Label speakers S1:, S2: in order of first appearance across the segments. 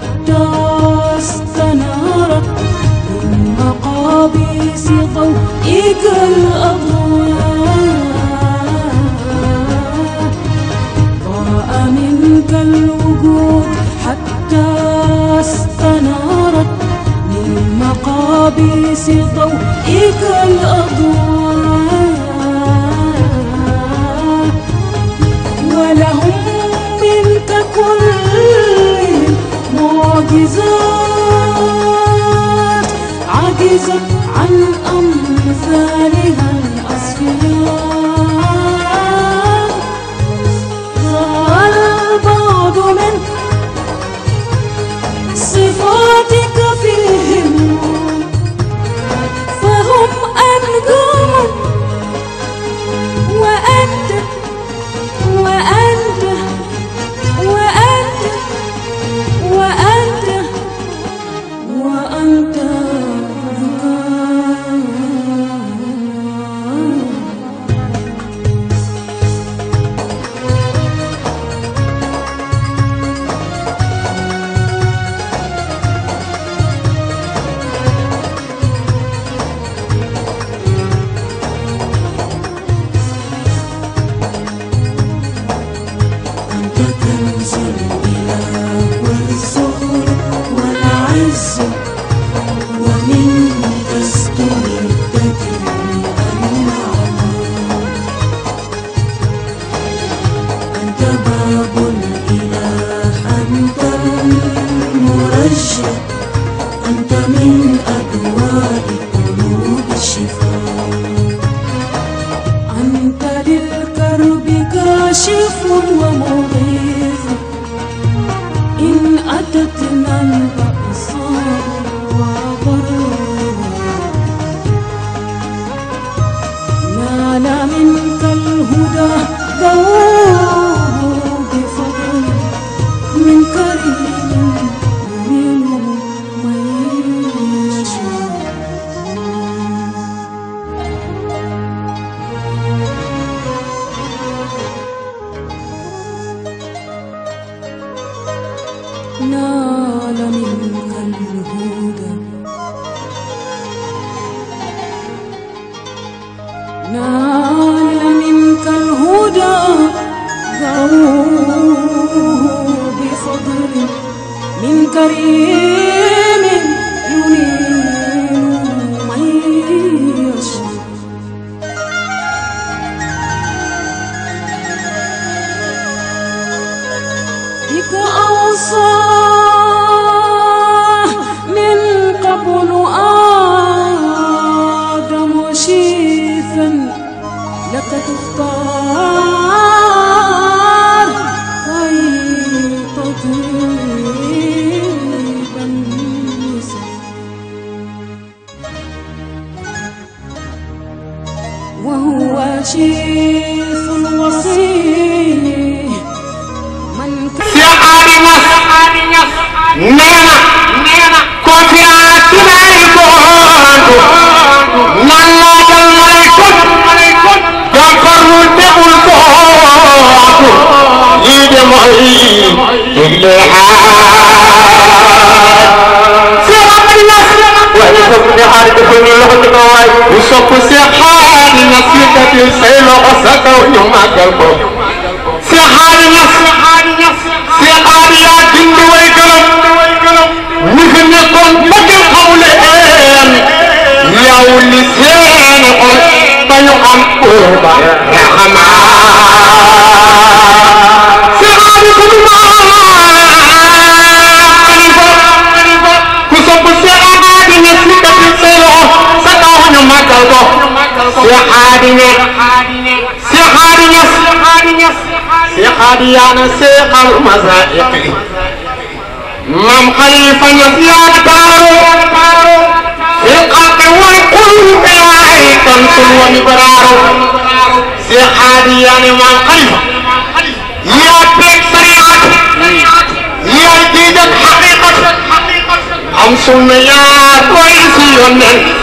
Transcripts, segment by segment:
S1: حتى استنارت ثم قابيس ضوئك الأضواء ضاء منك الوجود حتى استنارت من مقابيس ضوئك الأضواء Hare Hare سيقادنا سيقال مزائقي مام نعم خليفة نسيان كارو سيقاك وكل كلاهي تنسل ومبرارو سيقادنا مام خليفة يا بيك سريعات يا جيدا حقيقة أمسون يا كويسي ونن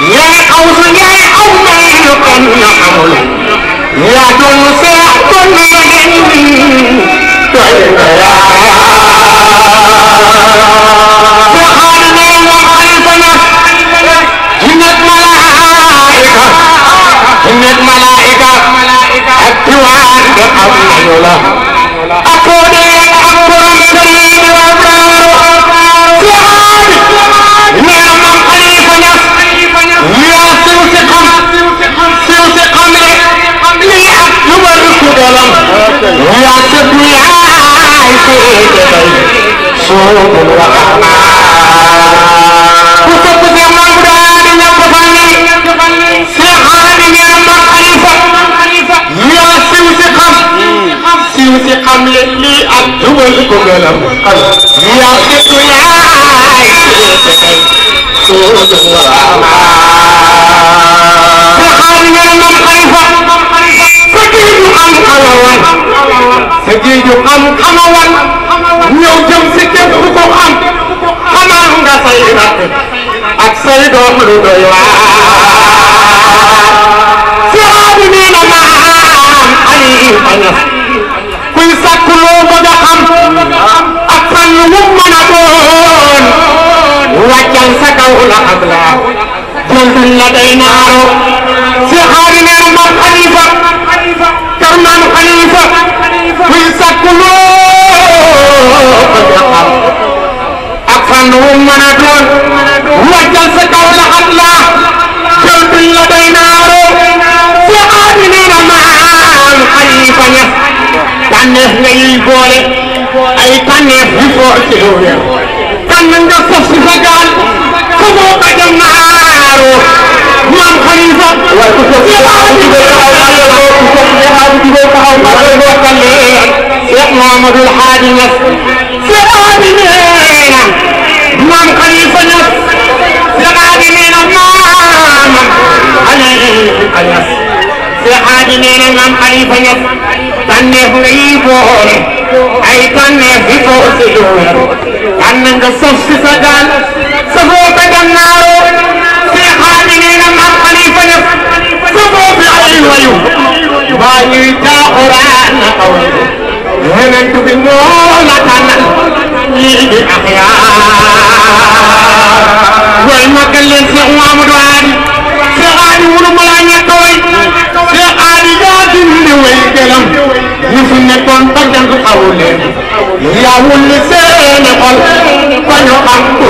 S1: हिमत मित माना एक माना ñëw jëm kenn ku ko am xamal nga say rak ak say doom lu doy waar saxaabu nee na maam Aliou Añas kuy sàkku loo bëgg a xam ak fan wu mën a doon wàccal sa kaw la am la jël la day naaro saxaabu nee na maam Xalifa Karmaan Xalifa kuy sàkku loo ak fànn wu mën a doon wàccal sa kaw laxat la jël duñ la doy naaro soo aadi nee na maam xalifa ñas tànneef nga yuy boole ay tànneef yu foor ci réew tànn nga sof si sa gaal ku moo ko jëm naaro maam xalifa waaye ku sof si sa gaal ku moo ko jëm naaro Cheikh Mouhamadoul Hadi Niass Cheikh Hadi neena maam Khalifa Niass Cheikh Hadi neena maamam alayhi Niass Cheikh Hadi neena maam Khalifa Niass tànneef nga yi boole ay tànneef bi foo si jooyoo tànn nga sof si sa gaal sa boo ko gannaaroo Cheikh Hadi neena maam Khalifa Niass sa boo bi ay wayu baa ñuy taaxuraan na yonent bi moo la tànnal ñii di axyaar way màggal leen Seex Muhamadu Aadi Seex Aadi munu ma laa ñàkk way Seex Aadi yaa dindi way gëlam ñu fi nekkoon ba jàng xawu leen yaa wulli seen xol ba ñu am ko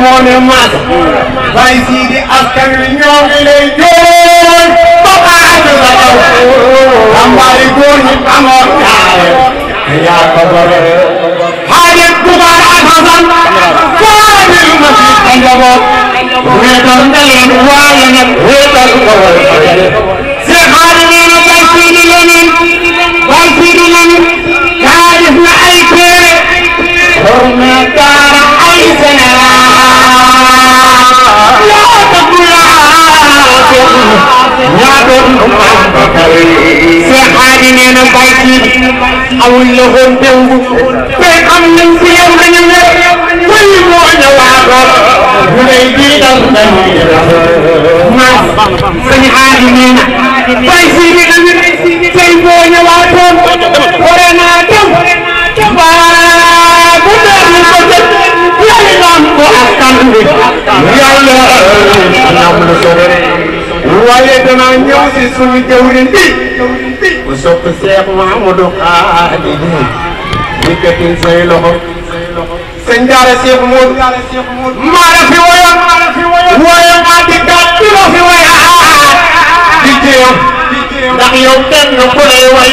S1: moo ne maas waaye sii di askan wi ñoo ngi lay ñëwoon ba paase sa kaw tàmbali góor ñi amoon jaare te yaa ko borom xaajat Bukaar ak Hasan kaamil ma si sa njaboot wéetal nga leen waaye nag wéetal nga war a ñaa doon umma Cheikh Hadi nee na Baye Sidi awul la woon démb te am nañ ci yow dañu ne kuy moo ñëwaatoon bu lay jiital maas sëñ Hadi nee na Baye Sidi tamit tey boo ñëwaatoon waree naa dem baa bu doon ko jot yàlla am ko askan bi yàlla am na solo waaye danaa ñëw si jawrin bi bu sopp Cheikh Mamadou Xaadi yëkkatil say loxo sëñ Daara Cheikh Mour maa la fi woyoon woyoon maa fi woyaat di jéem ndax yow kenn ku lay way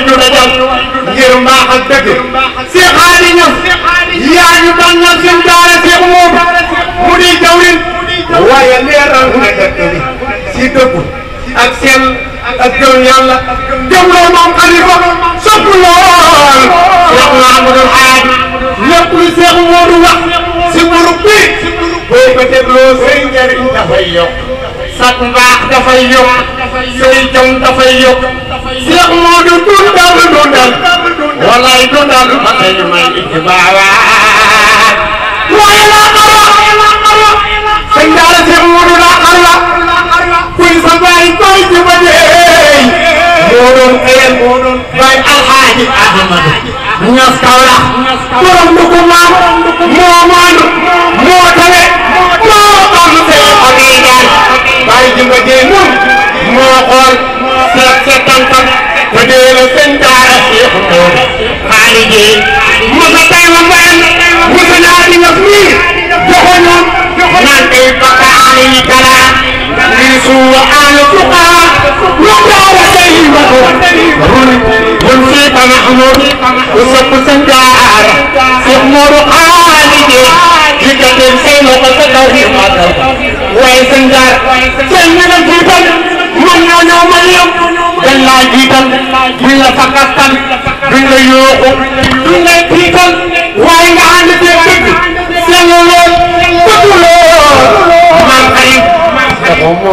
S1: mbaax ak dëgg Cheikh Xaadi ñëw yaa ñu tànnal sëñ Daara Cheikh mu di jawrin waaye leeral na dëkk bi si dëgg ak sell ak gëm yàlla dem loo moom xalifa sopp lool Cheikh Mahamadul Haaj lépp lu Cheikh Moodu wax si murug bi boo ko dégloo say njëriñ dafay yokk sag mbaax dafay yokk say jom dafay yokk Cheikh Moodu dundal dundal walaay dundal ma tey may ittibaawaat waaye laa xarwa sëñ daara Cheikh Moodu laa xarwa kuy sa baay koy ci ba deey moo doon baay alxaaji ahmad ñas kawlax borom ndukumaan moo man moo tawe moo am seen amiigaan baay ji ba dee nun moo xool seet seetantam ba dee la seen daara seexu toon xaaliji musa tay wa mbayan musa naa di nga fii joxoñoon naan day bakka إبليس وآل فقاع وقال سيبه ونسيت محمود وصف سنجار سيحمر قالي لكتب سيما وتكري وين سنجار سيما جيبل من أنا مريم دل لا جيبل من لا فقطن من لا يوخو من لا جيبل وين عندك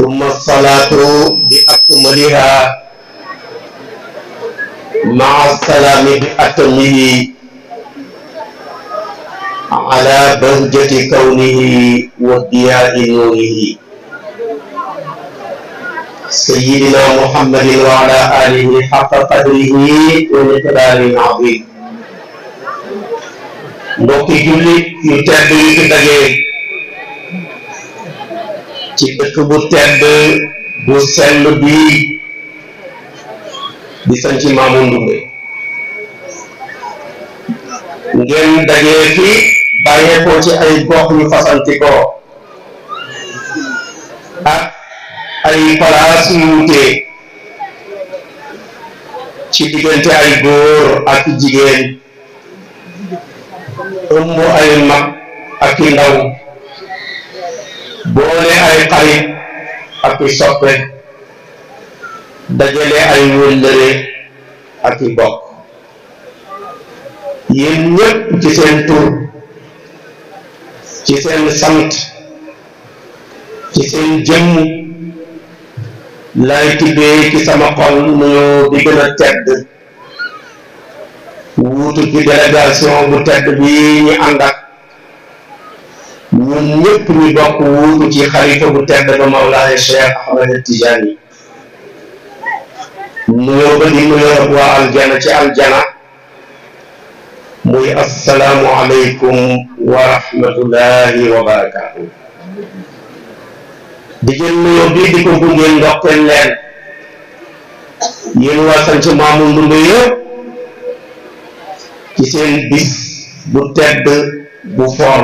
S2: summa salaatu bi akmaliha maa salaami bi atamihi ala bahjati kawnihi wa diyaai nuurihi sayyidina muhammadin wa ala alihi xaqa qadrihi wa miqdaarin aziim mbokki jullit yu tedd yi ci dajee ci dëkk bu tedd bu sell bii di sanc Maamu Ndumbe ngeen dajee fi bàyyeekoo ci ay gox yu fasanti ko ay palaas yu wuute ci diggante ay góor ak jigéen ëmb ay mag ak i boole ay xarit ak soppe dajale ay wëllëre ak i bokk yéen ñëpp ci seen tur ci seen sant ci seen jëmm laay tibbee ci sama xol nuyoo bi gën a tedd wuutu ci délégation bu tedd bi ñu ñun ñëpp ñu bokk wuutu ci xarita bu tedd ba Mawlaana Cheikh Ahmed Tijani nuyoo ba di nuyoo waa aljana ci aljana muy assalaamu aleykum wa rahmatullahi wa barakaatu di jël nuyoo bi di ko gunge ndokkeel leen yéen waa sant maamu ndund yëpp ci seen bis bu tedd bu foor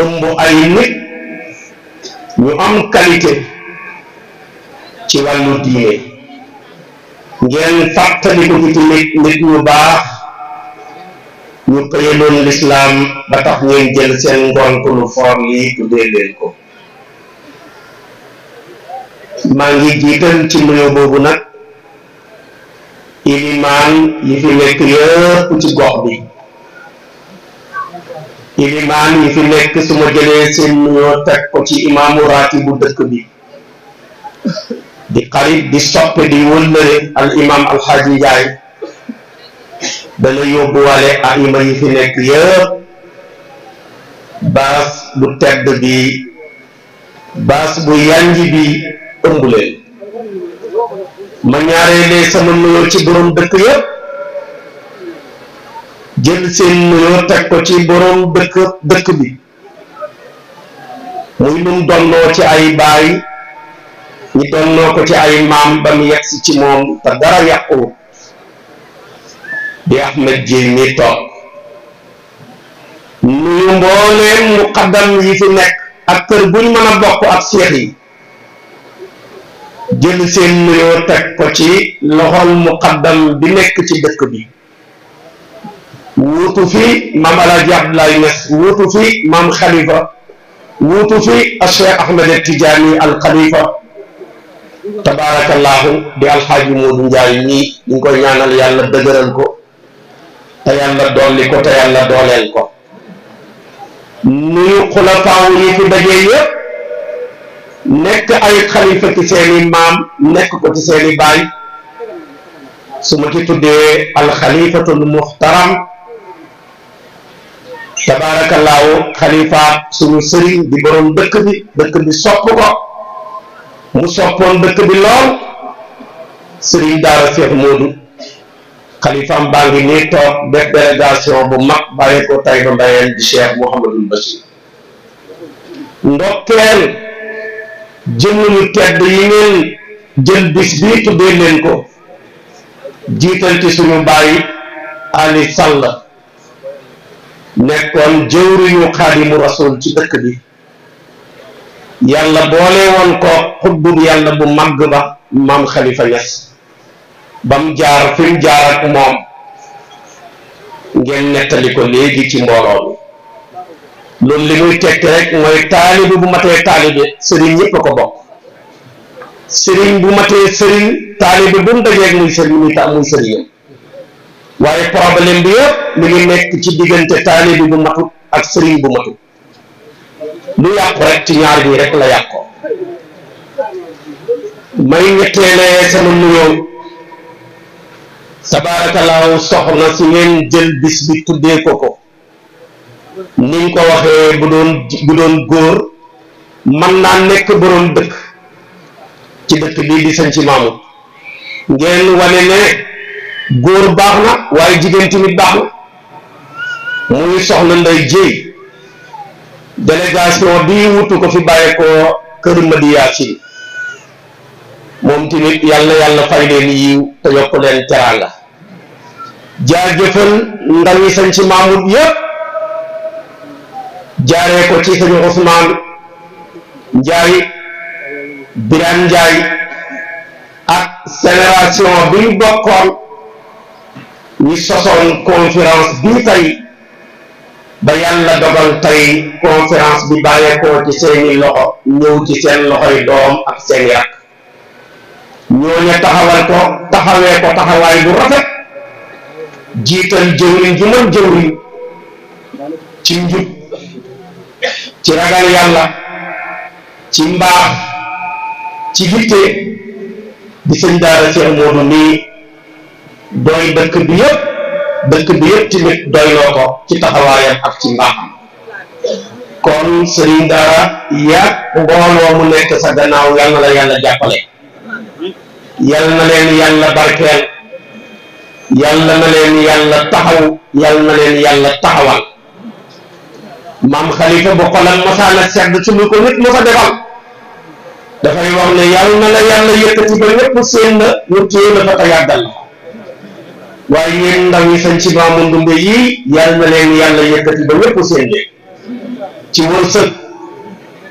S2: ëmb ay nit ñu am qualité ci walu diine ngeen ko ci nit nit ñu baax ñu këyaloon lislaam ba tax ngeen jël seen ngont lu for lii tuddee leen ko maa ngi jiital ci nuyo boobu nag ilimaan yi fi nekk yëpp ci gox bi ilimaan yi fi nekk su ma jëlee seen nuyoo teg ko ci imaamu raati bu dëkk bi di xarit di soppe di wëllëre al imaam alxaaji njaay dana yóbbuwale aima yi fi nekk yëpp baas bu tedd bi baas bu yanji bi ëmb leen ma ñaaree sama nuyoo ci borom dëkk yëpp jël seen nuyoo teg ko ci borom dëkk dëkk bi muy num donnoo ci ay baay ñu donnoo ko ci ay maam ba mu yegsi ci moom te dara yàqu bi ahmed jéem mi toog nuyu mbooleem xaddam yi fi nekk ak kër buñ mën a bokk ak seex yi jël seen nuyoo teg ko ci loxol mu xaddam bi nekk ci dëkk bi wuutu fi maam El Hadj Abdoulaye Niass wuutu fi maam Khalifa wuutu fi Cheikh Ahmed Tidiane al Khalifa tabaarakallaahu di alxaaji Moodu Njaay ñii ñu koy ñaanal yàlla dëgëral ko te yàlla dolli ko te yàlla dooleel ko nuyu xulafaaw yi fi dajee nekk ay xalifa ci seeni maam nekk ko ci seeni baay su ma ci tuddee alxalifatul muxtaram tabaarakallaahu xalifaat suñu sëriñ di borom dëkk bi dëkk bi sopp ko mu soppoon dëkk bi lool sëriñ daara Cheikh Modou xalifaam baa ngi nii toog def délégation bu mag bàyyi ko Taïba Mbayeen di Cheikh Mouhamadul ndokkeel jëmuñu tedd yi ngeen jël bis bi tuddee leen ko jiital ci suñu bàyyi Ali Sall nekkoon jëwriñu xaadimu rasul ci dëkk bi yàlla boole woon ko xubbub yàlla bu màgg ba maam xalifa ñas bam jaar fi jaar ak moom ngeen nettali ko léegi ci mbooloo mi loolu li muy tekki rek mooy taalibi bu matee taalibi sëriñ ñëpp a ko bokk sëriñ bu matee sëriñ taalibi bu mu dajeeg muy sëriñ muy ta muy sëriñam waaye problème bi yëpp mu ngi nekk ci diggante taalibi bu matut ak sëriñ bu matut lu yàqu rek ci ñaar ñi rek la ko may ñetteele sama nuyoo tabaarakalaaw soxna si ngeen jël bis bi tuddee ko ko niñ ko waxee bu doon bu doon góor man naa nekk boroom dëkk ci dëkk bii di sañ ci maamu ngeen wane ne góor baax na waaye jigéen tamit baax na muy soxla nday jéy délégation bi wutu ko fi bàyyi ko kër Madi Yaasin moom tamit yàlla yàlla fay leen yiw te yokk leen teraanga jaajëfal ndawi sañ ci Mamoud yëpp jaaree ko ci sañu Ousmane Ndiaye Birane Ndiaye ak génération bi bokkoon ñi sosoon conférence bii tey ba yàlla dogal tey conférence bi bàyyeekoo ci seeni loxo ñëw ci seen loxoy doom ak seen yàq ñooñu ko taxawee ko taxawaay bu rafet jiital jëwriñ ju mën ci njub ci ragal yàlla ci mbaax ci yitte di sëñ daara Cheikh Modou nii doy dëkk bi yëpp dëkk bi yëpp tamit ko ci taxawaayam ak ci mbaaxam kon sëriñ daara yaag mbooloo mu nekk sa gannaaw yal na la yàlla jàppale yal na leen yàlla barkeel yàlla na leen yàlla taxaw yàlla na leen yàlla taxawal maam xalifa bu xolam masaana sedd ci lu ko nit mu fa dafay wax ne yàlla na la yàlla yëkkati ba ñëpp seen la ñu téye la fa te yàggal waaye yéen ndaw yi sañ ci maamu ndumbe yi yàlla leen yàlla yëkkati ba lépp seen léeg ci wërsëg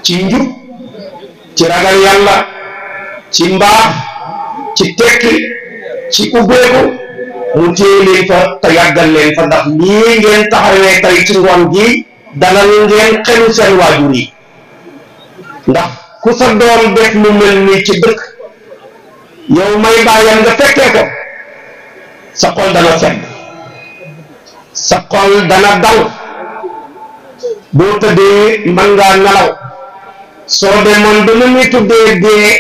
S2: ci njub ci ragal yàlla ci mbaax ci tekki ci ubbeeku mu téye fa te yàggal leen fa ndax lii ngeen taxawee tey ci ngoon gi dalal ngeen xelu seen waajur yi ndax ku sa doom def lu mel nii ci dëkk yow may bàyyam nga fekkee sa xol dana sedd sa xol dana dal boo tëddee mën ngaa nelaw soo demoon ba nu muy tuddee dee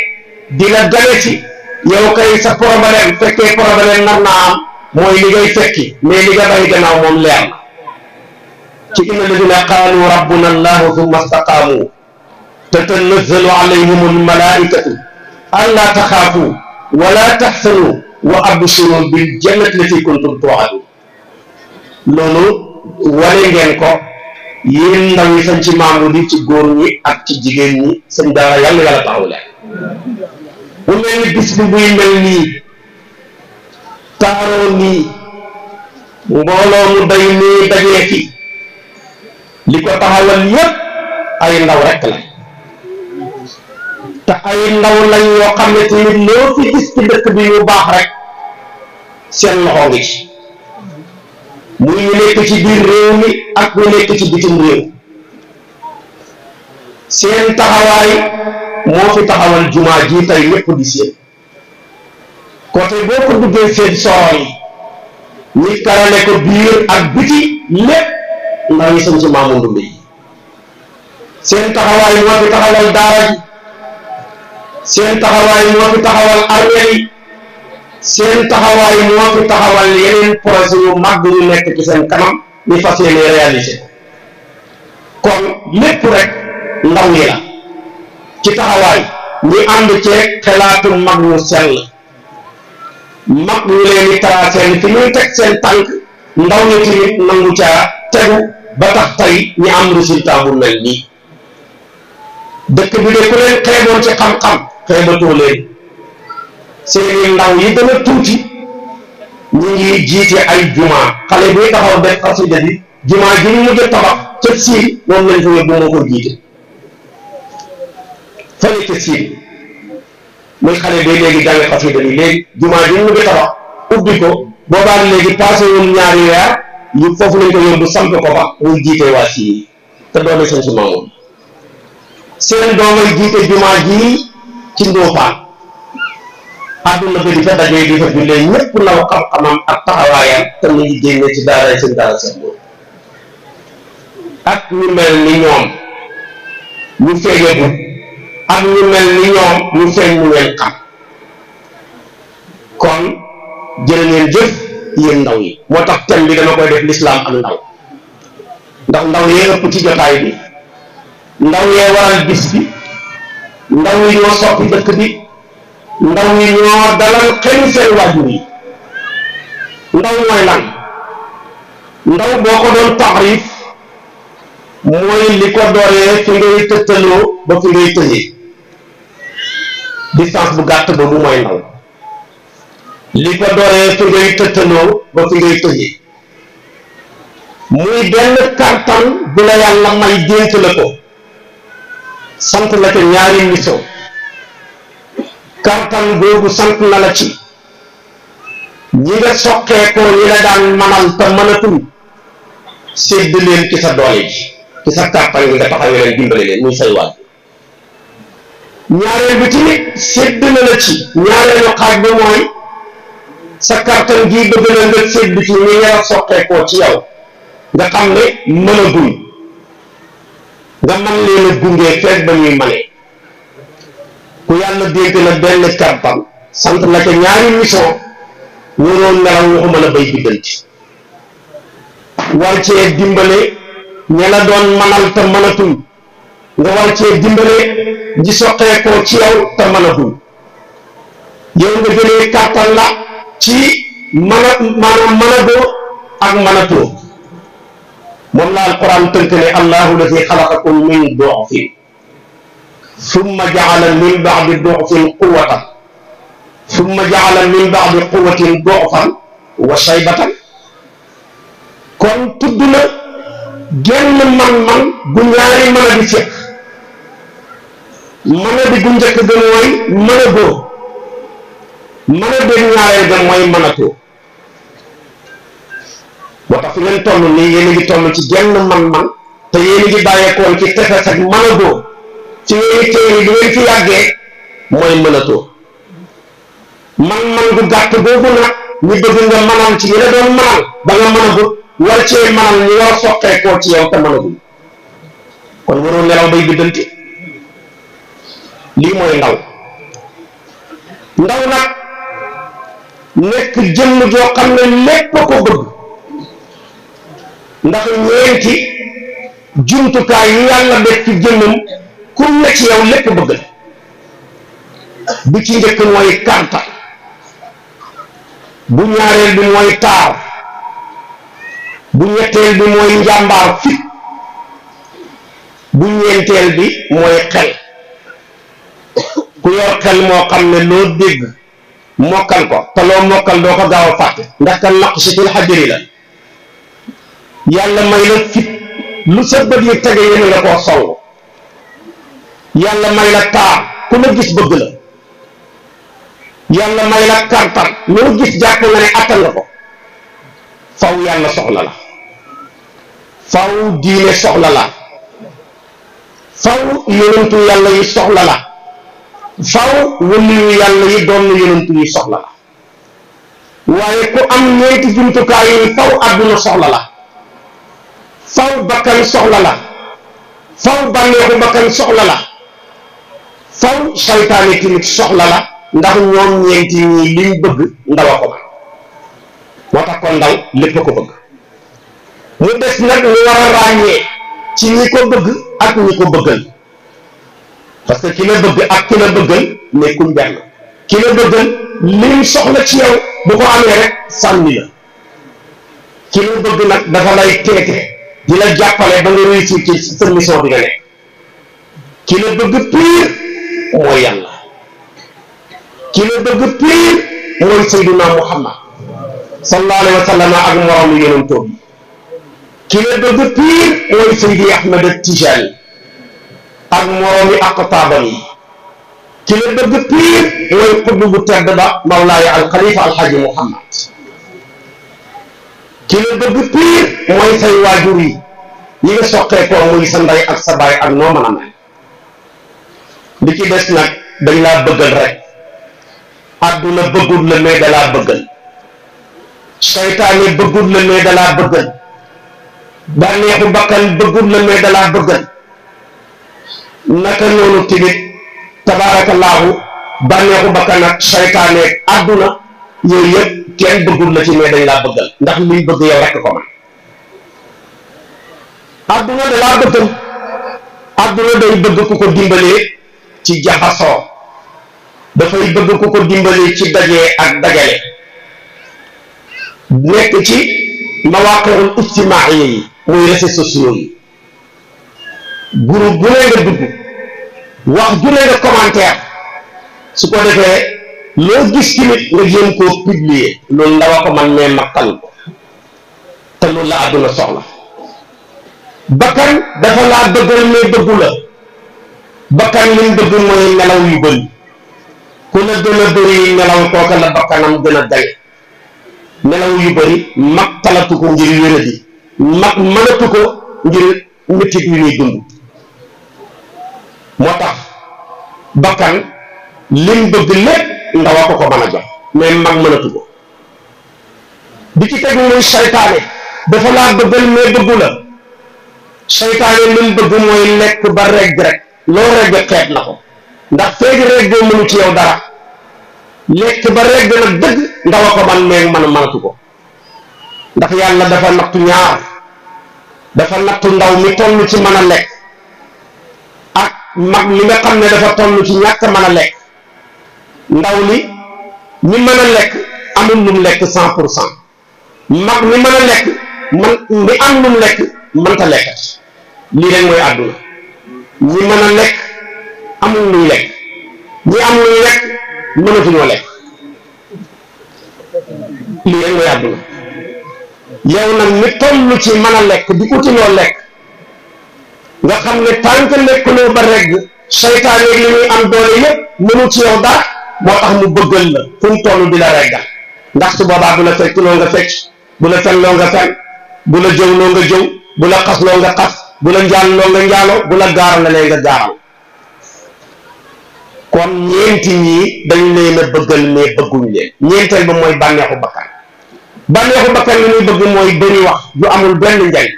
S2: di la gane ci yow kay sa problème fekkee problème nar naa am mooy li ngay fekki mais li nga bàyyi gannaaw moom leer na ci inna alladina qaalu rabbuna allahu thumma istaqaamu tatanazzalu alayhim almalaikatu an la taxaafu wala taxsanu wa abshiru bil jannati lati kuntum tu'adun loolu wane ko yéen ndaw yi ci maamu di ci góor ñi ak ci jigéen ñi seen dara yàlla yàlla taxaw leen bu mel bi buy mel nii taaroo nii mbooloo mu day nii li ko taxawal yépp ay ndaw rekk la te ay ndaw lañ yoo xam ne tamit loo fi gis ci dëkk bi yu baax rek seen loxo ngi ci muy ñu nekk ci biir réew mi ak ñu nekk ci bitim réew seen taxawaay moo fi taxawal jumaa ji tey ñëpp di seen côté boo ko duggee seen soro yi ñi karale ko biir ak biti lépp ndaw yi sañ si maamu ndumbe yi seen taxawaay moo fi taxawal daara ji seen taxawaay moo fi taxawal armée yi seen taxawaay moo fi taxawal yeneen projet yu mag yu nekk ci seen kanam ni fas yéene réaliser kon lépp rek ndaw ñi la ci taxawaay ñu ànd ci xelaatu mag ñu sell mag ñu leen di tracé fi ñuy teg seen tànk ndaw ñi tamit nangu caa tegu ba tax tey ñu am résultat bu mel nii dëkk bi de ku leen xeeboon ci xam-xam xëy na too léegi seeni ndaw yi gën tuuti ñu ngi jiite ay juma xale bi taxaw def xasida bi juma ji ñu mujj tabax ca siin moom lañ fa yóbbu moo ko jiite fële ca siin muy xale bi léegi jàng xasida bi léegi juma ji ñu mujj tabax ubbi ko boobaan léegi passé woon ñaari weer yu foofu nañ ko yóbbu samp ko fa muy jiite waa siin te doole seen su maamoon seen doomay jiite juma ji ci ndoofaan àdduna bi di fa dajee di fa jullee ñëpp law xam-xamam ak taxawaayam te mu ngi génne ci daara seen daara seen boobu ak ñu mel ni ñoom ñu feeñatu ak ñu mel ni ñoom ñu feeñ mu ngeen xam kon jërë ngeen jëf yéen ndaw yi moo tax bi dama koy def l'islam ak ndaw ndax ndaw yee ëpp ci jotaay bi ndaw yee waral bis bi ndaw ñi ñoo soppi dëkk bi ndaw ñi ñoo dalal xelu seen waajur yi ndaw mooy lan ndaw boo ko doon taxrif mooy li ko dooree fi ngay tëttaloo ba fi ngay tëjee distance bu gàtt boobu mooy ndaw li ko dooree fi ngay tëttaloo ba fi ngay tëjee muy benn kartan bu la yàlla may gént la ko sant la ca ñaari mission kartan googu sant na la ci ñi nga soqee ko ñi la daan manal te mënatul sédd leen ci sa doole ji ci sa kàttan gi nga taxawee leen dimbale leen muy say waaj ñaareel bi tamit sédd na la ci ñaareelu xaaj bi mooy sa kartan gii bëgg na nga sédd ci ñi nga soqee ko ci yow nga xam ne mënagul nga man leen a gungee fekk ba ñuy mane ku yàlla dénk na benn kàbbam sant la ca ñaari mission ñoroon nelaw waxuma la bay biddanti war cee dimbale ña la doon manal te mënatul nga war cee dimbale ji soqeekoo ci yow te mënatul yow nga jëlee kàttan la ci mën a ak mënatoo مولا القران تنتني الله الذي خلقكم من ضعف ثم جعل من بعد ضعف قوة ثم جعل من بعد قوة ضعفا وشيبة كن تدنا جن من من بنياري من بشيك من بجنجك دنوي من بو من بنياري دنوي من بو moo tax fi ngeen toll nii yéen a ci genn man-man te yéen a ngi bàyyeekoon ci tefes ak mënatoo ci yéen téere yi di ngeen fi yàggee mooy mënatoo man-man gu gàtt boobu nag ñu bëgg nga manal ci ñi la doon manal ba nga mënagut war cee manal ñu war soqeekoo ci yow te mënagut kon waroo nelaw bay biddanti lii mooy ndaw ndaw nag nekk jëmm joo xam ne lépp ko bëgg ndax ñeenti jumtukaay yàlla def ci jëmmam ku ne ci yow lépp bëgg la bu ci njëkk mooy karta bu ñaareel bi mooy taar bu ñetteel bi mooy njàmbaar fit bu ñeenteel bi mooy xel ku yor xel moo xam ne loo dégg mokkal ko te loo mokkal doo ko gaaw a fàtte ndax kan naq si til xajari la Yalla may la fit lu sa bët yi tege yéen la ko song yalla may la ta ku la gis bëgg la yalla may la kartan lu gis jàpp nga ne attan la ko faw yalla soxla la faw diine soxla la faw yonentu yalla yi soxla la faw wëliyu yalla yi doon na yi soxla la waye ku am ñeenti jumtu kay faw aduna soxla la faw bakkan soxla la faw bànneexu bakkan soxla la faw saytaane tamit soxla la ndax ñoom ñeenti ñii li mu bëgg ndaw a ko man moo tax kon ndaw lépp a ko bëgg mu des nag ñu war a ràññee ci ñi ko bëgg ak ñi ko bëggal parce que ki la bëgg ak ki la bëggal nekkum benn ki la bëggal lim soxla ci yow bu ko amee rek sànni la ki la bëgg nag dafa lay teete di la jàppale ba nga réussir ci sa mission bi nga nekk ki la bëgg pire mooy yàlla ki la bëgg pire mooy sayduna muhammad sallallahu alayhi wa sallam ak moroom yeneen toog yi ki la bëgg pire mooy saydi ahmad al tijani ak moroomi ak taabam yi ki la bëgg pire mooy xutbu bu tedd ba mawlaaya al xalifa alxaji muhammad ki la bëgg piir mooy say waajur yi ñi nga soqee ko sa ndey ak sa ak noo mën a mel li ci des nag dañ laa bëggal rek àdduna bëggul la mais dalaa bëggal seytaane bëggul la mais dalaa bëggal bànneexu bakkan bëggul la mais dalaa bëggal naka noonu tamit tabaarakallaahu bànneexu bakkan ak seytaane àdduna yooyu yëpp kenn bëggul la ci mais dañ laa bëggal ndax luy bëgg yow rekk ko man adduna da laa bëggal adduna day bëgg ku ko dimbalee ci jaxasoo dafay bëgg ku ko dimbalee ci dajee ak dajale nekk ci mawaqirul ijtimaaiya yi muy réseaux sociaux yi groupe bu ne nga dugg wax ju ne nga commentaire su ko defee loo gis tamit nga jéem koo publier loolu ndaw a ko man mais makkan ko te loolu la àdduna soxla bakkan dafa laa bëggal mais bëggu la bakkan li mu mooy nelaw yu bëri ku la gën a bëri nelaw kooka la bakkanam gën a dañ nelaw yu bëri mag talatu ko ngir wéradi mag mënatu ko ngir métit yu ñuy dund moo tax bakkan lim bëgg lépp ndaw a ko ko mën a jox mais mag mënatu ko bi ci teg muy saytaane dafa laa bëggal mais bëggu la saytaane li mu mooy lekk ba regg rek loo regg xeet na ko ndax feegi reggoo mënu ci yow dara lekk ba regg nag dëgg ndaw a ko man mais mën a ko ndax yàlla dafa nattu ñaar dafa nattu ndaw mi toll ci mën a lekk ak mag mi nga xam ne dafa ton ci ñàkk mën a lekk ndaw li mi mën a lekk amul lu lekk cent pour cent mag mi mën a lekk man mi am lu mu lekk mënta lekkat lii rek mooy àdduna ñi mën a lekk amul luy lekk ñi am luy lekk mënatuñoo lekk lii rek mooy àdduna yow nag mi toll ci mën a lekk di uti loo lekk nga xam ne tànk lekkuloo ba regg seytaan li ñuy am doole yëpp mënu ci yow dara moo tax mu bëggal la fu mu toll di la regga ndax su boobaa bu la fecc loo nga fecc bu la fen loo nga fen bu la jëw loo nga jëw bu la xas loo nga xas bu la njaal loo nga njaalo bu la gaaral la lee nga gaaral kon ñeenti ñii dañu leen a bëggal mais bëgguñ leen ñeenteel ba mooy bànneexu bakkan bànneexu bakkan li muy bëgg mooy bëri wax ju amul benn njariñ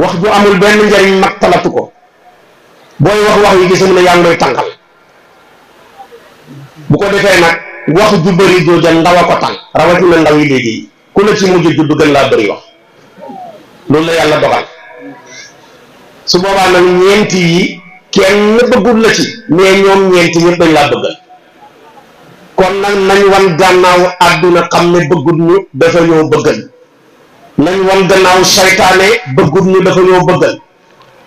S2: wax ju amul benn njariñ mag talatu ko booy wax wax yi gisam ne yaa ngi may tàngal bu ko defee nag wax ju bëri jooja ndaw a ko tànn rawatina ndaw yi léegi ku la ci mujj judd gën laa bëri wax loolu la yàlla dogal su boobaa nag ñeenti yi kenn bëggul la ci mais ñoom ñeenti yëpp dañ laa bëggal kon nag nañ wan gannaaw àdduna xam ne bëggut ñu dafa ñoo bëggal nañ wan gannaaw bëggut ñu dafa ñoo bëggal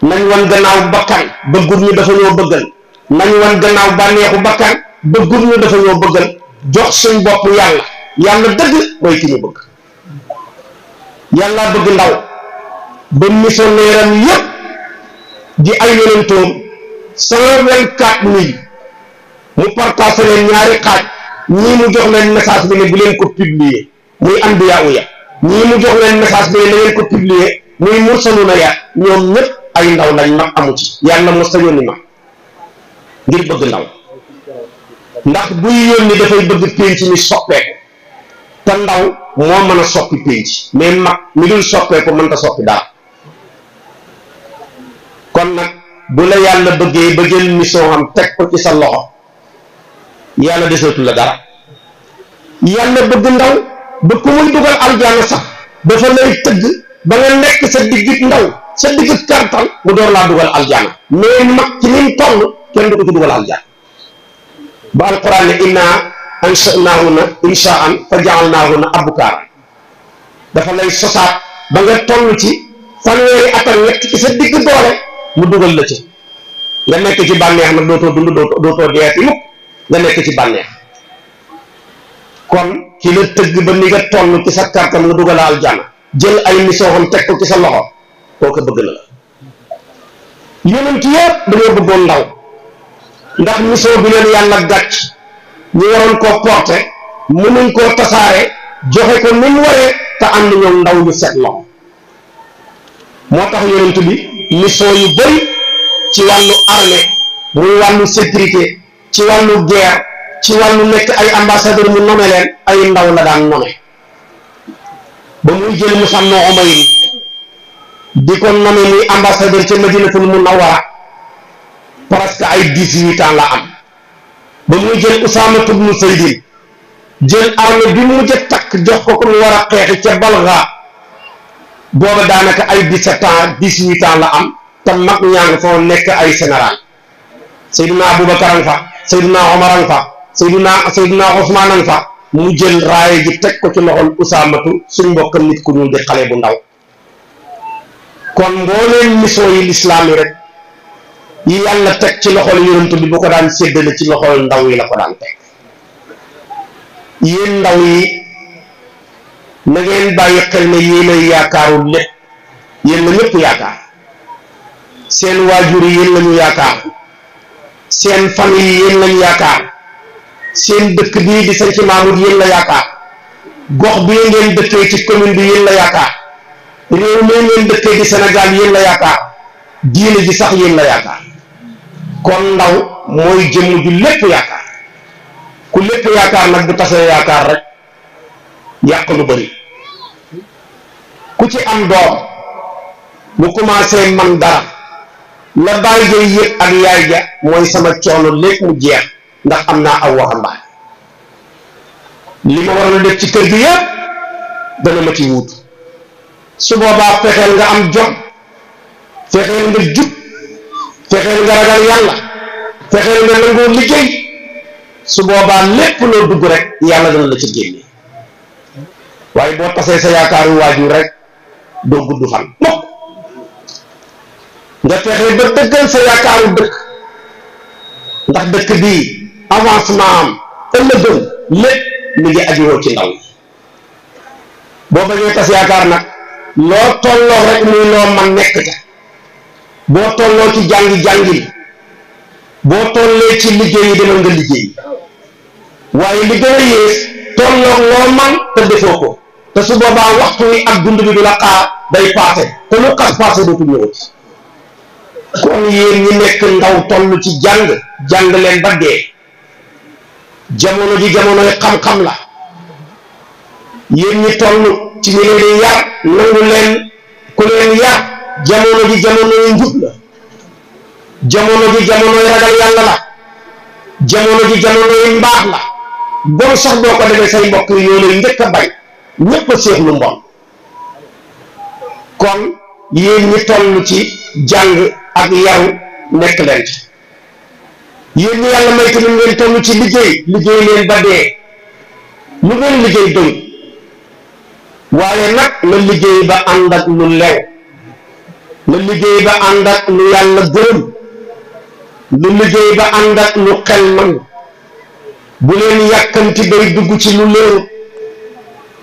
S2: nañ wan gannaaw bakkan bëggut ñu dafa ñoo bëggal nañ wan gannaaw bànneexu bakkan bëggul ñu dafa ñoo bëggal jox suñ bopp yàlla yàlla dëgg mooy ki ñu bëgg yàllaa bëgg ndaw ba missionnaire-am yépp di ay yonentoom cent vingt-quatre mille mu leen ñaari mu jox leen message bi ne bu leen ko publier muy anbiya uya ñii mu jox leen message bi ne leen ko publier muy mursaluna ya ñoom ñëpp ay ndaw lañ ma amu yàlla mos a yónni ma ngir bëgg ndaw ndax yoni da fay bëgg pench ni soppé ta ndaw mo mëna soppi pench mais mak mi dul ko mën ta soppi da kon nak bu la yalla bëggé ba jël mission am tek ko ci sa loxo yalla deseetu la dara yalla bëgg ndaw ba ko muy duggal aljana sax fa lay tegg ba nga nekk sa digit ndaw sa digit kartal mu door la duggal aljana mais mak ci nim tollu kenn du ko duggal aljana ba alquran ne inna ansanaahunna insaan fa jaalnaahunna abkaar dafa lay sosaat ba nga toll ci fanweeri at ak ñett ci sa digg doole mu dugal la ci nga nekk ci bànneex nag dootoo dund dootoo dootoo deeti mukk nga nekk ci bànneex kon kii la tëgg ba ni nga toll ci sa kartam nga dugal aljana jël ay misooxam teg ko ci sa loxo kooku bëgg na la yonent yëpp dañoo bëggoon ndaw ndax mission bi leen yàlla gàcc ñu waroon koo porté mënuñ koo tasaare joxe ko ni mu waree te am na ñoom ndaw ñu seetloo moo tax yonent bi mission yu bëri ci wàllu armée muy wàllu sécurité ci wàllu guerre ci wàllu nekk ay ambassadeur mu nome leen ay ndaw la daan nome ba muy jël mu sànnoo Umayr di ko nome muy ambassadeur ca Madinatul Munawwara presque ay dix-huit ans la am ba muy jël Usaama ibn Zayd jël arme bi mujj takk jox ko ko mu war a xeexi ca Balga booba daanaka ay dix-sept ans dix la am te mag ñaa foo nekk ay général Seydina Aboubacar an fa Seydina Omar an fa Seydina Seydina fa mu jël raaya ji teg ko ci loxol Usaamatu suñ mbokk nit ku ñuul di xale bu ndaw kon mbooleen mission lislaam yi rek yi yàlla teg ci loxol yonent bi bu ko daan séddale ci loxol ndaw yi la ko daan teg yéen ndaw yi na ngeen bàyyi xel ne yéenay yaakaaru lépp yéen la ñëpp yaakaar seen waajur yi yéen lañu yaakaar seen famille yi yéen seen dëkk bii di sañ ci maamut yéen la yaakaar gox bi ngeen dëkkee ci commune bi yéen la yaakaar réew mi ngeen dëkkee di Sénégal yéen la yaakaar diine ji sax yéen la yaakaar kon ndaw mooy jëmm ju lépp yaakaar ku lépp yaakaar nag bu tasee yaakaar rek yàq lu bari ku ci am doom bu commencé man dara la bàyyi jay yëg ak yaay ja mooy sama coono lépp mu jeex ndax am naa aw waxambaane li ma waroon a def ci kër gi yëpp dana ma ci wuutu su boobaa fexeel nga am jom fexeel nga jub fexeel nga ragal yàlla fexeel nga nangoo liggéey su boobaa lépp loo dugg rek yàlla dana la ci génne waaye nggak tasee sa yaakaaru waajur rek doo gudd fan mukk nga fexe ba dëggal sa yaakaaru dëkk ndax dëkk bii avancement am mi ngi ci ndaw yaakaar rek muy loo man nekk ca boo tolloo ci jàngi jàngil boo tollee ci liggéey yi demal nga liggéey waaye li gën yées tolloog loo te defoo ko te su boobaa waxtu wi ak dund bi du la xaar day paase te lu xas paase dootul ñëwati kon yéen ñi nekk ndaw toll ci jàng jàng leen ba jamono ji jamonoy xam-xam la yéen ñi toll ci ñu leen di yar nangu leen ku leen yar jamono ji jamonoy njub la jamono ji jamonoy ragal yàlla la jamono ji jamonoy mbaax la bon sax boo ko defee say mbokk yoo njëkk a bay ñëpp a séex lu mbon kon yéen ñi ci jàng ak yaru nekk leen ci yéen ñi yàlla may tamit ngeen toll ci liggéey liggéey leen ba dee lu ngeen liggéey doy waaye nag la liggéey ba ànd ak lu lew na liggéey ba ànd ak lu yàlla gërëm lu liggéey ba ànd ak lu xel man bu leen yàkkanti bay dugg ci lu léeru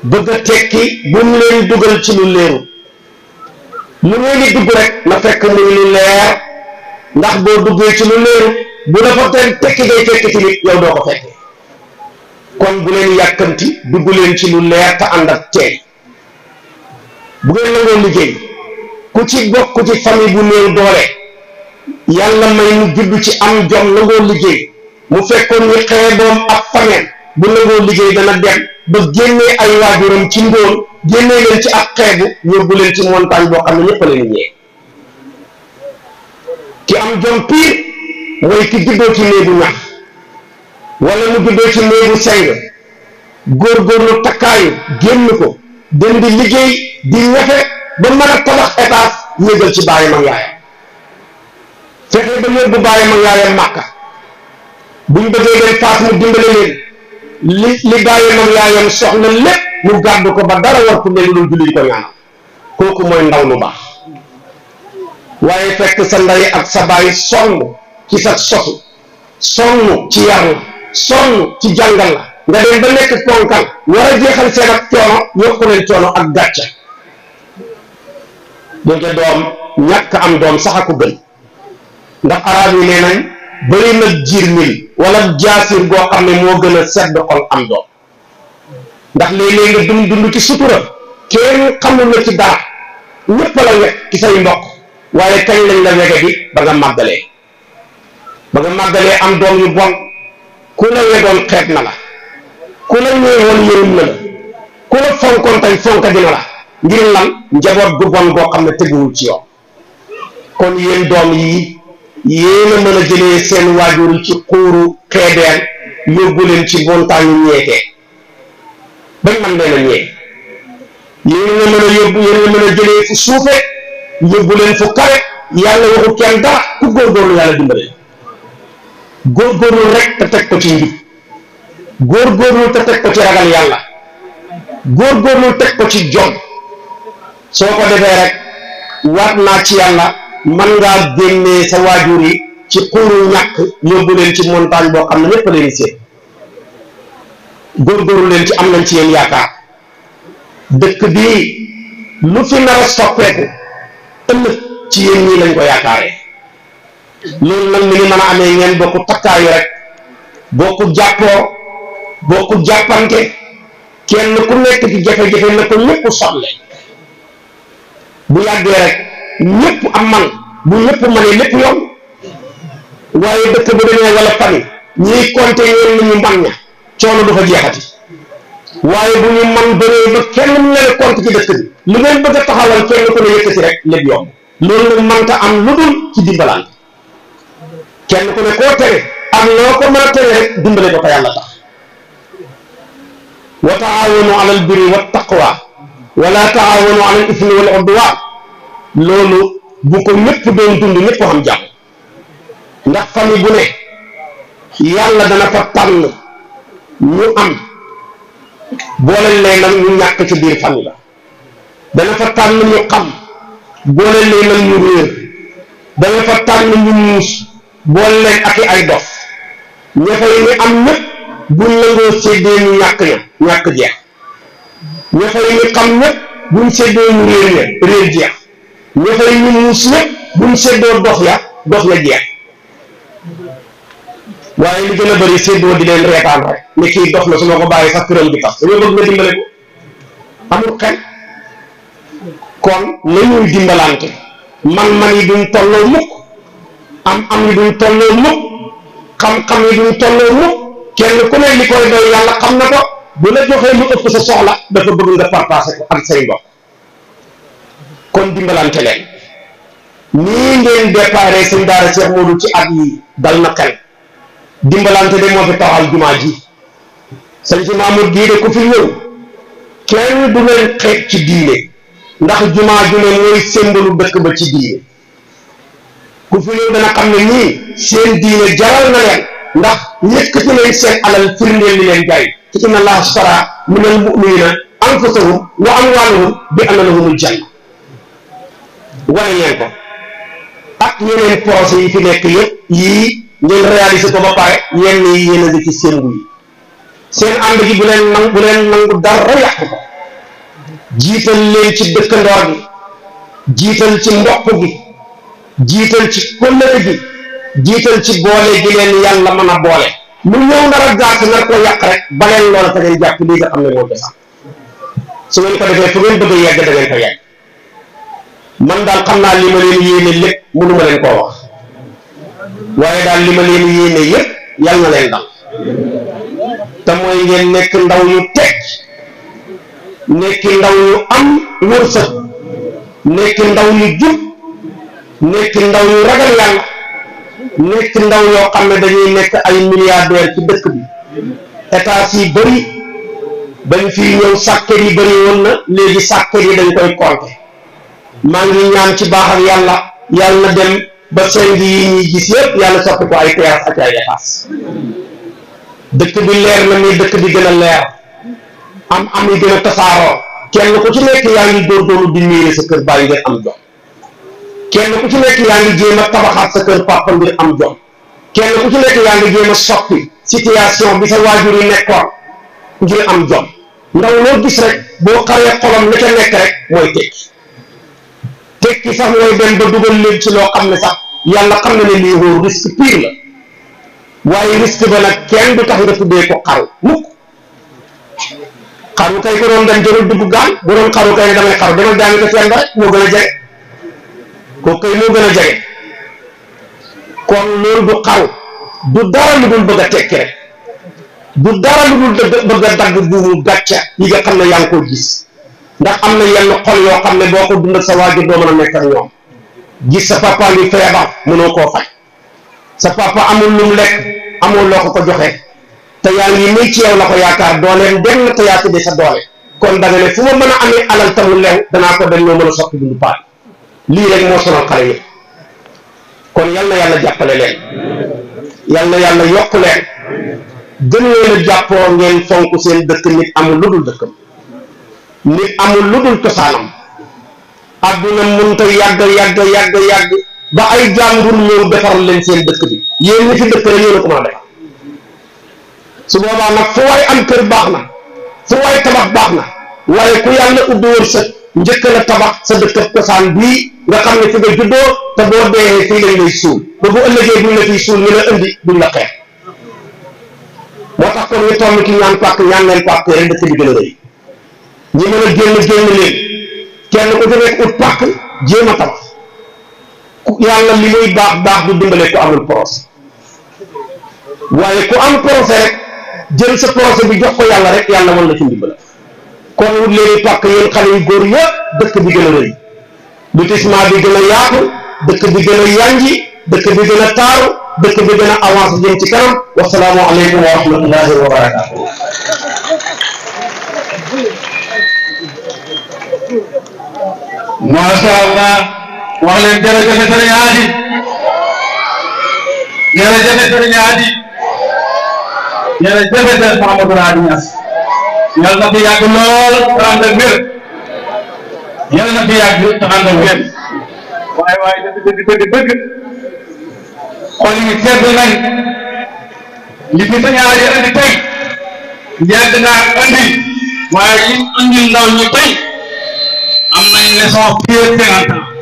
S2: bëgg a tekki bu mu leen dugal ci lu léeru lu ngeen di dugg rek na fekk muy lu leer ndax boo duggee ci lu léeru bu la teen tekki ngay tekki ci nit yow doo ko fekk kon bu leen yàkkanti dugg leen ci lu leer te ànd ak teey bu ngeen nangoo liggéey ku ci bokk ci famille bu néew doole yàlla may mu juddu ci am jom nangoo liggéey mu fekkoon ñu xeeboom ak famille bu nangoo liggéey dana dem ba génnee ay waajuram ci ndóol génnee leen ci ak xeebu ci montagne boo xam ne ñëpp leen ñee ki am jom piir mooy ki juddoo ci néegu ñax wala mu juddoo ci néegu seng góorgóorlu takkaayu génn ko dem di liggéey di ñafe ba mën a tabax étage négal ci bàyyi mag yaayam fexe ba yóbbu bàyyi mag yaayam màkka buñ bëggee dem faas mu dimbale leen li li bàyyi mag soxla lépp mu gàddu ko ba dara war ko leen lu julli ko ñaanal kooku mooy ndaw lu baax waaye fekk sa ndey ak sa bàyyi sonn ci sa sosu sonn ci yar la sonn ci jàngal la nga dem ba nekk ponkal war a jeexal seen ak coono yokku leen coono ak gàcce donte doom ñàkk am doom sax a ko gën ndax arab yi nee nañ bëri na jiir mil wala jaasir goo xam ne moo gën a sedd xol am doom ndax léeg-léeg nga dund dund ci sutura kenn xamul la ci dara ñëpp la say mbokk waaye kañ lañ la wege bi ba nga màggalee ba nga màggalee am doom yu bon ku la wegoon xeet na la ku la ñëwoon yërëm na la ku la fonkoon tey fonka dina la ngir lan njaboot gu bon goo xam ne teguwul ci yoon kon yéen doom yi yéen mën a jëlee seen waajur yi ci xuuru xeebeer yóbbu leen ci montagne ñu ñeete bañ man leen a ñee yéen mën a yóbbu yéen mën a jëlee fu suufe yóbbu leen fu kawe yàlla waxu kenn dara ku góorgóorlu yàlla dimbale góorgóorlu rek te teg ko ci góor góorgóorlu te teg ko ci ragal yàlla góorgóorlu teg ko ci jom soo ko defee rek waat naa ci yàlla man ngaa génnee sa waajur yi ci xuuru ñàkk yóbbu leen ci montagne boo xam ne ñëpp leen seen góorgóorlu leen ci am nañ ci yéen yaakaar dëkk bii lu fi nar a soppeeku ëllëg ci yéen ñii lañ ko yaakaaree loolu nag mi ngi mën a amee ngeen bokk takkaayu rek bokk jàppoo bokk jàppante kenn ku nekk ci jafe-jafe na ko ñëpp sotle bu yàggee rek ñëpp am man bu ñëpp mënee lépp yomb waaye dëkk bu demee wala fan ñiy compté ñoom ñu mën ña coono du fa jeexati waaye bu ñu man bëree ba kenn mu ne la compte ci dëkk ngeen bëgg a kenn ku ne yëkkati rek lépp yomb loolu am lu dul ci ku ne koo tere am loo ko mën a tere rek dimbale ba ko yàlla tax wa taawanu alal birri wa wala taawanu alal ismi wal udwaan loolu bu ko ñëpp doon dund ñëpp ko xam ndax famille bu ne yàlla dana fa tànn ñu am boole leen nag ñu ñàkk ci biir famille la dana fa tànn ñu xam boole leen nag ñu réer dana fa tànn ñu muus boole leen ak ay dof ña fay am ñëpp buñ nangoo séddee ñu ñàkk ña ñàkk jeex ña fay ñu xam ñëpp buñ seddoo ñu réer ya réer jeex ña fay ñu muus ñëpp buñ seddoo dox ya dox ya jeex waaye li gën a bëri seddoo di leen reetaan rek ne kii dox na su ma ko bàyyi sax këram bi tax dañoo bëgg nga dimbale ko amul xel kon dimbalante man man yi duñ tolloo mukk am am yi duñ tolloo mukk xam-xam yi duñ tolloo mukk kenn ku ne li koy doy yàlla xam na ko bu la joxee lu ëpp sa soxla dafa bëgg nga partagé ko say mbokk kon dimbalante leen nii ngeen déparé seen daara Cheikh Modou ci at yi dal na xel dimbalante de moo fi taxal jumaa ji sëñ si Mamour gii ku fi ñëw kenn du leen xeeb ci diine ndax jumaa ju ne mooy sëmbalu dëkk ba ci diine ku fi ñëw dana xam ne nii seen diine jaral na leen ndax yëkkati leen seen alal firndeel li leen jaay inna allaha ashtara min almuminina anfusahum wa amwalahum bi anna lahumul janna wane ko ak yeneen projet yi fi nekk yëpp yii ngeen réaliser ko ba pare yenn yi yéen a ngi seen gu seen ànd gi bu leen nangu bu leen nangu dara yàq ko jiital leen ci dëkkandoor bi jiital ci mbokk gi jiital ci kóllëre gi jiital ci boole gi leen yàlla mën a boole mu ñëw nar a gaas nar ko yàq rek ba loola te ngeen jàpp lii nga xam ne moo des su ngeen ko defee fu ngeen bëgg a yegg ko yegg man daal xam naa li ma leen yéene lépp mënu ma leen koo wax waaye daal li ma leen yéene yëpp yal na leen dal te mooy ngeen nekk ndaw yu teg nekk ndaw yu am wërsëg nekk ndaw yu jub nekk ndaw yu ragal yàlla nekk ndaw yoo xam ne dañuy nekk ay milliardaire ci dëkk bi état yi bëri dañ fi ñëw sàkket yi bëri woon na léegi sàkket yi dañ koy compté maa ngi ñaan ci baax ak yàlla yàlla na dem ba seng yi ñuy gis yëpp yàlla soppi ko ay terrasse ak ay étage dëkk bi leer na ni dëkk bi gën a leer am am yi gën a tasaaroo kenn ku ci nekk yaa ngi góorgóorlu di miire sa kër bàyyi ngeen am jox kenn ku ci nekk yaa ngi jéem a tabaxaat sa kër papa ngir am jom kenn ku ci nekk yaa ngi jéem a soppi situation bi sa waajur yi nekkoon ngir am jom ndaw loo gis rek boo xaree xolam la ca nekk rek mooy tekki tekki ci loo xam ne sax yàlla xam ne lii wóor risque pire la waaye risque ba nag kenn du tax nga tuddee ko xaru mukk xaru kay dugg gaan bu doon xaru kay damay xaru damay daani ko fenn rek moo gën a jege ko kay mo gëna jëgé kon loolu du xaw du dara lu dul bëgg a rek du dara lu dul bëgg dag dagg mu gatcha yi nga xam ne ko gis ndax amna yenn xol yo xam boko dund sa waji do mëna a nekk ak ñoom gis sa papa li feebar mëno ko fay sa papa amul lu mu lekk amul loo ko ko joxe te yaa yi nii ci yow la ko yaakaar dooleem dem na te yaati tuddee sa doole kon da nga ne fu ma mëna amé alal tamul leew dana ko dañ ñoo mën a soppi paal lii rek moo sonal xale yi kon yàlla yàlla jàppale leen yal na yàlla yokk leen gën leen a jàppoo ngeen fonk seen dëkk nit amul lu dul dëkkam nit amul lu dul cosaanam àdduna mun ta yàgg yàgg yàgg yàgg ba ay jàmbur ñëw defar leen seen dëkk bi yéen ñi dëkk rek yéen a ko mën a su boobaa nag fu waay am kër baax na fu waay tabax baax na waaye ku yàlla ubbi wërsëg njëkk la tabax sa dëkk cosaan bi nga xam ne fi nga juddoo te boo dee fii lañ lay suul ba bu ëllëgee bu la fiy suul ñu la indi duñ la xeex moo tax kon ñu toll ci ñaan pàkk ñaan leen pàkk rek dëkk bi gën a rëy ñi mën a génn génn leen kenn ku ci nekk ut pàkk jéem a tabax yàlla li muy baax baax du dimbale ku amul procès waaye ku am procès rek jël sa procès bi jox ko yàlla rek yàlla mën ci ndimbal kon wut leen pàkk yéen xale yu góor yëpp bi gën a rëy lotissement bi gën a yaatu dëkk bi gën a yanji dëkk bi gën a taaru dëkk bi gën a avancé jëm ci kanam wasalaamu aleykum wa rahmatullahi wa barakaatu macha allah wax leen jërëjëf sëriñ Hadi jërëjëf sëriñ Hadi jërëjëf yàlla na fi yàgg lool taxante wér yàlla na fi yàgg taxante wér waaye waaye dëgg dëgg dëgg dëgg xool yi sedd nañ li fi sañ aar yi andi tey yàgg naa andi waaye li andi ndaw ñu tey am nañ leçon
S1: fii ak 50 ans